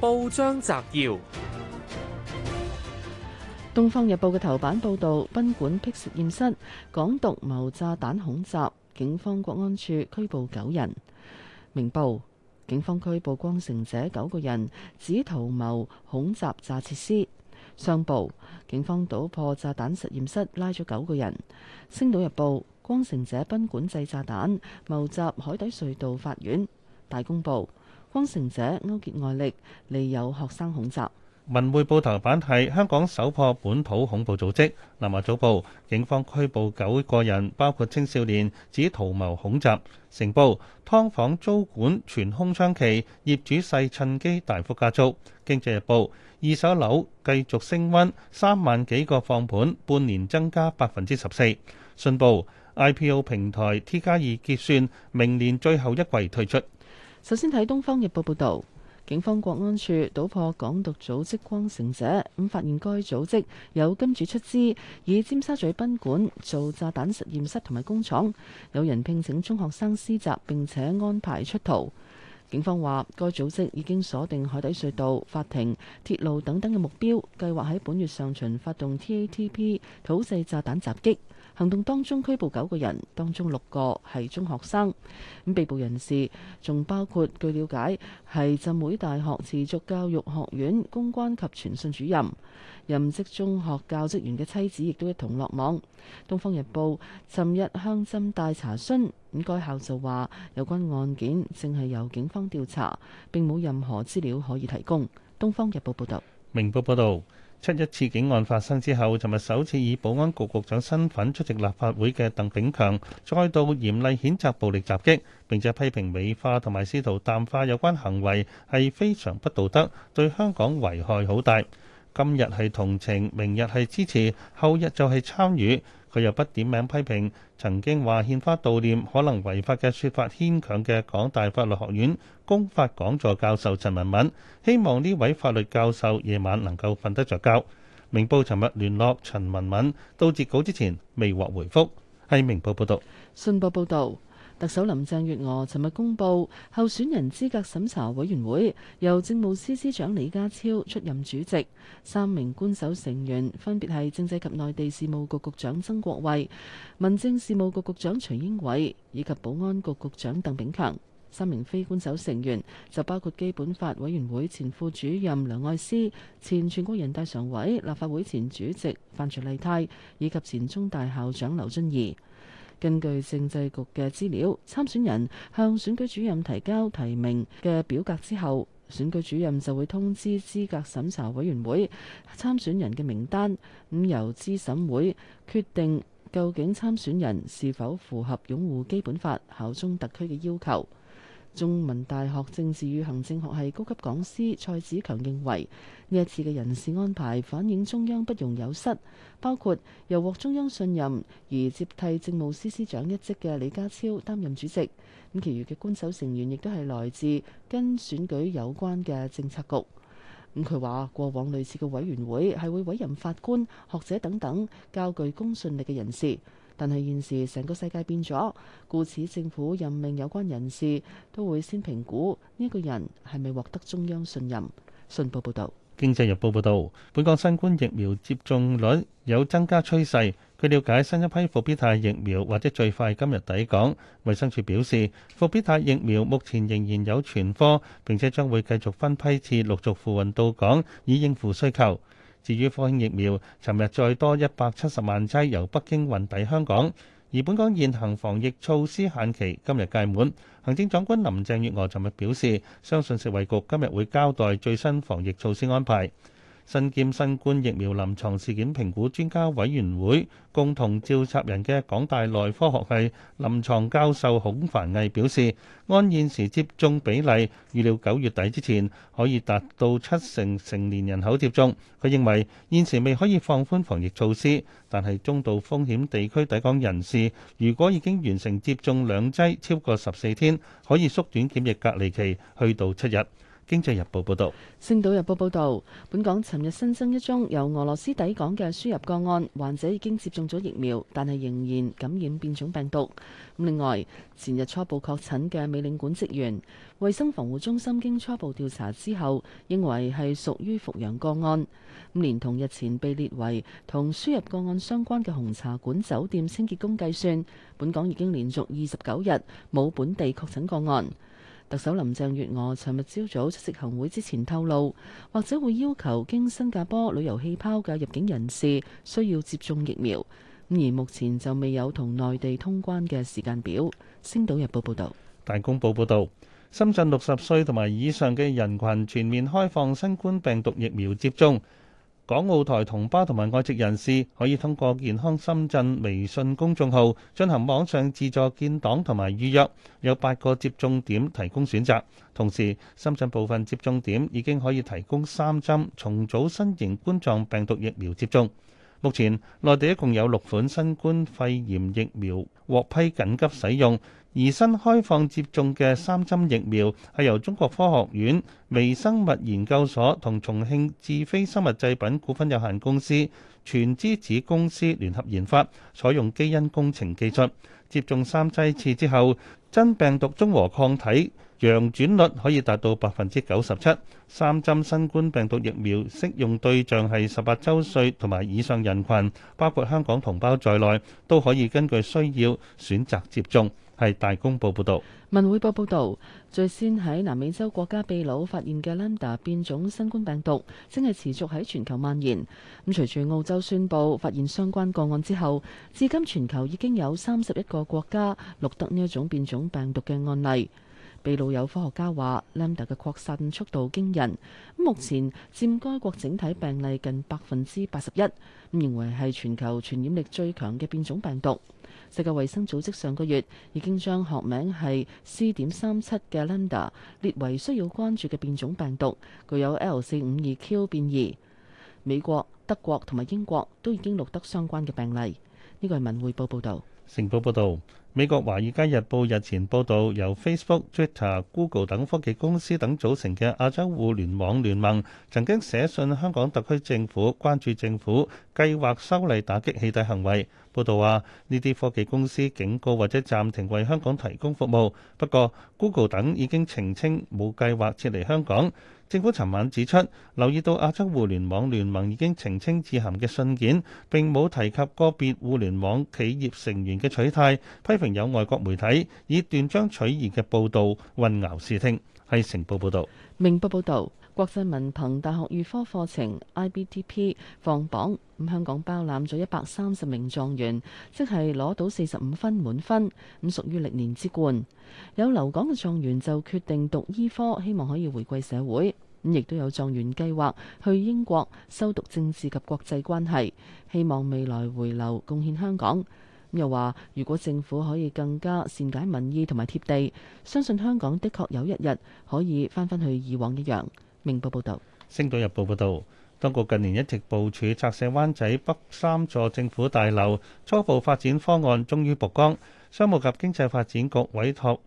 報章摘要：《東方日報》嘅頭版報道，賓館闢實驗室，港獨謀炸彈恐襲，警方國安處拘捕九人。明報：警方拘捕光城者九個人，指圖謀恐襲炸設施。商報：警方搗破炸彈實驗室，拉咗九個人。《星島日報》光：光城者賓館製炸彈，謀襲海底隧道法院。大公報。光城者勾結外力，利誘學生恐襲。文匯報頭版係香港首破本土恐怖組織。南華早報，警方拘捕九個人，包括青少年，指圖謀恐襲。成報，劏房租管全空窗期，業主勢趁機大幅加租。經濟日報，二手樓繼續升溫，三萬幾個放盤，半年增加百分之十四。信報，IPO 平台 T 加二結算，明年最後一季推出。首先睇《東方日報》報導，警方國安處搗破港獨組織光城者，咁發現該組織有金主出資，以尖沙咀賓館做炸彈實驗室同埋工廠，有人聘請中學生施襲並且安排出逃。警方話，該組織已經鎖定海底隧道、法庭、鐵路等等嘅目標，計劃喺本月上旬發動 TATP 土製炸彈襲擊。行動當中拘捕九個人，當中六個係中學生。咁被捕人士仲包括據了解係浸會大學持續教育學院公關及傳訊主任，任職中學教職員嘅妻子亦都一同落網。《東方日報》尋日向浸大查詢，咁該校就話有關案件正係由警方調查，並冇任何資料可以提供。《東方日報》報道。明報報道。七一刺警案發生之後，尋日首次以保安局局長身份出席立法會嘅鄧炳強再度嚴厲譴責暴力襲擊，並且批評美化同埋試圖淡化有關行為，係非常不道德，對香港危害好大。今日係同情，明日係支持，後日就係參與。佢又不點名批評，曾經話獻花悼念可能違法嘅説法牽強嘅港大法律學院公法講座教授陳文敏，希望呢位法律教授夜晚能夠瞓得着覺。明報尋日聯絡陳文敏到截稿之前未獲回覆，係明報報道。信報報導。特首林鄭月娥尋日公布候選人資格審查委員會，由政務司司長李家超出任主席，三名官守成員分別係政制及內地事務局局長曾國衛、民政事務局局長徐英偉以及保安局局長鄧炳強。三名非官守成員就包括基本法委員會前副主任梁愛詩、前全國人大常委、立法會前主席范徐麗泰以及前中大校長劉遵義。根據政制局嘅資料，參選人向選舉主任提交提名嘅表格之後，選舉主任就會通知資格審查委員會參選人嘅名單，咁由資審會決定究竟參選人是否符合擁護基本法、效忠特區嘅要求。中文大學政治與行政學系高級講師蔡子強認為，呢一次嘅人事安排反映中央不容有失，包括由獲中央信任而接替政務司司長一職嘅李家超擔任主席，咁，其餘嘅官守成員亦都係來自跟選舉有關嘅政策局。咁佢話，過往類似嘅委員會係會委任法官、學者等等，較具公信力嘅人士。但係現時成個世界變咗，故此政府任命有關人士都會先評估呢個人係咪獲得中央信任。信報報道，經濟日報報道本港新冠疫苗接種率有增加趨勢，據了解，新一批復必泰疫苗或者最快今日抵港。衛生署表示，復必泰疫苗目前仍然有存貨，並且將會繼續分批次陸續付運到港，以應付需求。至於科興疫苗，尋日再多一百七十萬劑由北京運抵香港，而本港現行防疫措施限期今日屆滿。行政長官林鄭月娥尋日表示，相信食衛局今日會交代最新防疫措施安排。新兼新冠疫苗臨床事件評估專家委員會共同召集人嘅港大內科學系臨床教授孔繁毅表示，按現時接種比例，預料九月底之前可以達到七成成年人口接種，佢認為現時未可以放寬防疫措施，但係中度風險地區抵港人士如果已經完成接種兩劑超過十四天，可以縮短檢疫隔離期去到七日。經濟日報報道，星島日報報道，本港尋日新增一宗由俄羅斯抵港嘅輸入個案，患者已經接種咗疫苗，但係仍然感染變種病毒。咁另外，前日初步確診嘅美領館職員，衛生防護中心經初步調查之後，認為係屬於復陽個案。咁連同日前被列為同輸入個案相關嘅紅茶館酒店清潔工計算，本港已經連續二十九日冇本地確診個案。特首林鄭月娥尋日朝早出席行會之前透露，或者會要求經新加坡旅遊氣泡嘅入境人士需要接種疫苗，咁而目前就未有同內地通關嘅時間表。星島日報報道，大公報報道，深圳六十歲同埋以上嘅人群全面開放新冠病毒疫苗接種。港澳台同胞同埋外籍人士可以通過健康深圳微信公眾號進行網上自助建檔同埋預約，有八個接種點提供選擇，同時深圳部分接種點已經可以提供三針重組新型冠狀病毒疫苗接種。目前，內地一共有六款新冠肺炎疫苗獲批緊急使用。而新開放接種嘅三針疫苗係由中國科學院微生物研究所同重慶智飛生物製品股份有限公司全資子公司聯合研發，採用基因工程技術。接種三劑次之後，真病毒中和抗體陽轉率可以達到百分之九十七。三針新冠病毒疫苗適用對象係十八週歲同埋以上人群，包括香港同胞在內都可以根據需要選擇接種。係大公報報導。文匯報報導，最先喺南美洲國家秘魯發現嘅 Lambda 變種新冠病毒，正係持續喺全球蔓延。咁隨住澳洲宣布發現相關個案之後，至今全球已經有三十一個國家錄得呢一種變種病毒嘅案例。秘魯有科學家話，Lambda 嘅擴散速度驚人，目前佔該國整體病例近百分之八十一，咁認為係全球傳染力最強嘅變種病毒。世界衛生組織上個月已經將學名係 C. 點三七嘅 Lambda 列為需要關注嘅變種病毒，具有 L. 四五二 Q 變異。美國、德國同埋英國都已經錄得相關嘅病例。呢個係文匯報報導，成報報導。美國華爾街日報日前報導，由 Facebook、Twitter、Google 等科技公司等組成嘅亞洲互聯網聯盟，曾經寫信香港特區政府，關注政府計劃修例打擊起底行為。報導話：呢啲科技公司警告或者暫停為香港提供服務。不過，Google 等已經澄清冇計劃撤離香港。政府尋晚指出，留意到亞洲互聯網聯盟已經澄清致函嘅信件並冇提及個別互聯網企業成員嘅取態，批評有外國媒體以斷章取義嘅報導混淆視聽。喺成報報道。明報報導。國際文憑大學預科課程 IBDP 放榜，咁香港包攬咗一百三十名狀元，即係攞到四十五分滿分，咁屬於歷年之冠。有留港嘅狀元就決定讀醫科，希望可以回饋社會。咁亦都有狀元計劃去英國修讀政治及國際關係，希望未來回流貢獻香港。又話，如果政府可以更加善解民意同埋貼地，相信香港的確有一日可以翻返去以往一樣。明報報道，星島日報報道，當局近年一直部署拆卸灣仔北三座政府大樓，初步發展方案終於曝光。商務及經濟發展局委託。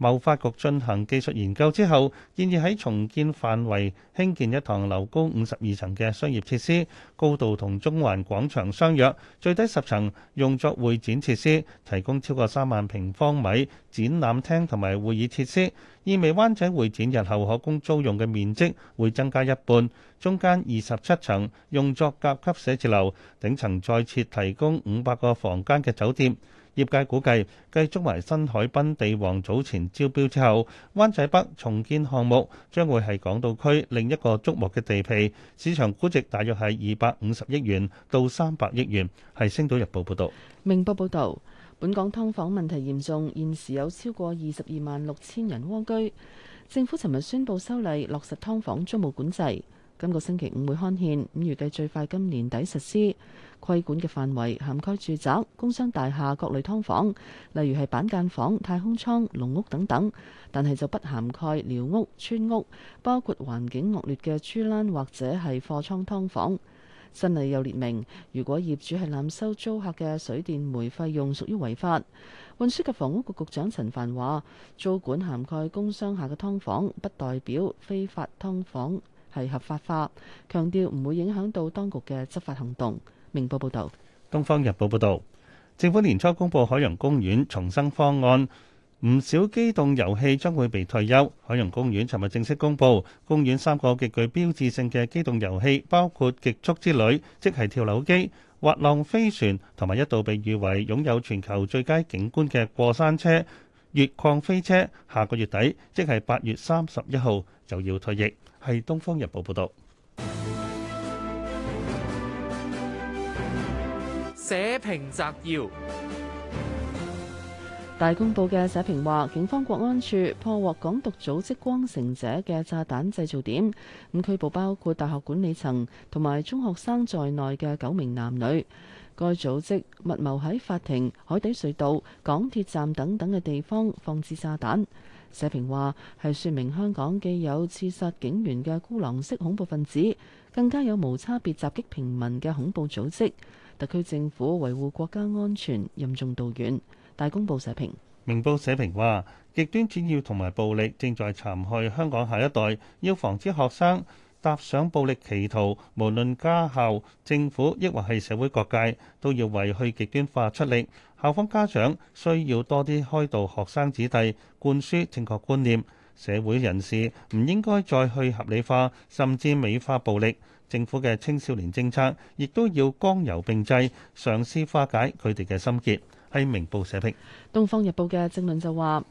貿發局進行技術研究之後，建議喺重建範圍興建一幢樓高五十二層嘅商業設施，高度同中環廣場相若，最低十層用作會展設施，提供超過三萬平方米展覽廳同埋會議設施，意味灣仔會展日後可供租用嘅面積會增加一半。中間二十七層用作甲級寫字樓，頂層再設提供五百個房間嘅酒店。業界估計，繼中環新海濱地王早前招標之後，灣仔北重建項目將會係港島區另一個矚目嘅地皮，市場估值大約係二百五十億元到三百億元，係《星島日報》報道。明報報道，本港劏房問題嚴重，現時有超過二十二萬六千人蝸居。政府尋日宣布修例落實㓥房租務管制。今個星期五會刊憲，咁預計最快今年底實施，規管嘅範圍涵蓋住宅、工商大廈、各類劏房，例如係板間房、太空艙、農屋等等。但係就不涵蓋寮屋、村屋，包括環境惡劣嘅豬欄或者係貨倉劏房。新例又列明，如果業主係濫收租客嘅水電煤費用，屬於違法。運輸及房屋局局長陳帆話：租管涵蓋工商下嘅劏房，不代表非法劏房。係合法化，強調唔會影響到當局嘅執法行動。明報報導，《東方日報》報導，政府年初公布海洋公園重生方案，唔少機動遊戲將會被退休。海洋公園尋日正式公布，公園三個極具標誌性嘅機動遊戲，包括極速之旅（即係跳樓機）、滑浪飛船，同埋一度被譽為擁有全球最佳景觀嘅過山車《越礦飛車》，下個月底，即係八月三十一號就要退役。係《東方日報》報道，社評摘要。大公報嘅社評話，警方國安處破獲港獨組織光城者嘅炸彈製造點，咁拘捕包括大學管理層同埋中學生在內嘅九名男女。該組織密謀喺法庭、海底隧道、港鐵站等等嘅地方放置炸彈。社評話：係，説明香港既有刺殺警員嘅孤狼式恐怖分子，更加有無差別襲擊平民嘅恐怖組織。特區政府維護國家安全，任重道遠。大公報社評。明報社評話：極端主義同埋暴力正在殘害香港下一代，要防止學生踏上暴力歧途，無論家校、政府，抑或係社會各界，都要為去極端化出力。校方家長需要多啲開導學生子弟，灌輸正確觀念。社會人士唔應該再去合理化甚至美化暴力。政府嘅青少年政策亦都要剛柔並濟，嘗試化解佢哋嘅心結，係明報社評，《東方日報》嘅政論就話。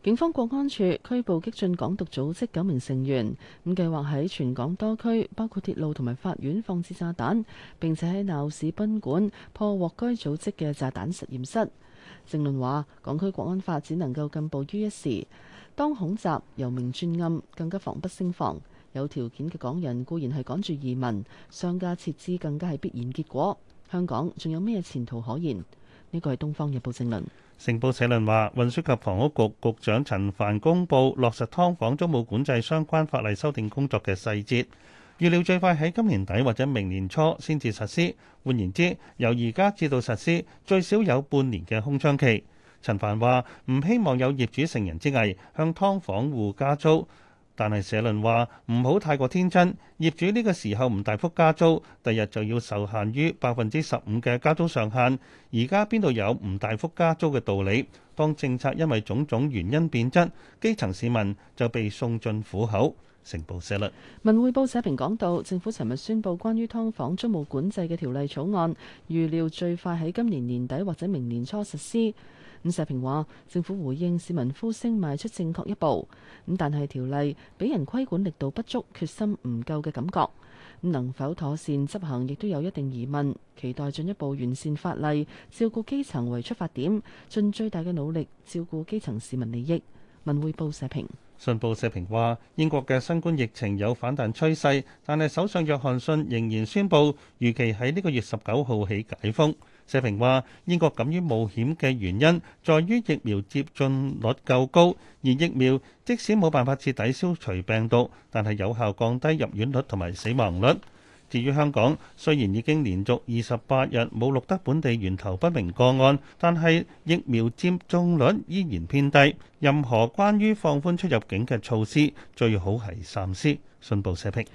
警方國安處拘捕激進港獨組織九名成員，咁計劃喺全港多區，包括鐵路同埋法院放置炸彈，並且喺鬧市賓館破獲該組織嘅炸彈實驗室。評論話，港區國安法只能夠進步於一時，當恐襲由明轉暗，更加防不勝防。有條件嘅港人固然係趕住移民，商家撤資更加係必然結果。香港仲有咩前途可言？呢個係《東方日報》評論。評論社論話，運輸及房屋局,局局長陳凡公布落實㓥房租務管制相關法例修訂工作嘅細節，預料最快喺今年底或者明年初先至實施。換言之，由而家至到實施，最少有半年嘅空窗期。陳凡話：唔希望有業主成人之危，向㓥房戶加租。但係社論話唔好太過天真，業主呢個時候唔大幅加租，第日就要受限於百分之十五嘅加租上限。而家邊度有唔大幅加租嘅道理？當政策因為種種原因變質，基層市民就被送進虎口。成報社論，文匯報社評講到，政府尋日宣佈關於劏房租務管制嘅條例草案，預料最快喺今年年底或者明年初實施。伍社評話：政府回應市民呼聲，邁出正確一步。咁但係條例俾人規管力度不足、決心唔夠嘅感覺。咁能否妥善執行，亦都有一定疑問。期待進一步完善法例，照顧基層為出發點，盡最大嘅努力照顧基層市民利益。文匯報社評，信報社評話：英國嘅新冠疫情有反彈趨勢，但係首相約翰遜仍然宣布預期喺呢個月十九號起解封。社評話：英國敢於冒險嘅原因，在於疫苗接種率夠高，而疫苗即使冇辦法徹底消除病毒，但係有效降低入院率同埋死亡率。至於香港，雖然已經連續二十八日冇錄得本地源頭不明個案，但係疫苗接種率依然偏低。任何關於放寬出入境嘅措施，最好係三思。信報社評。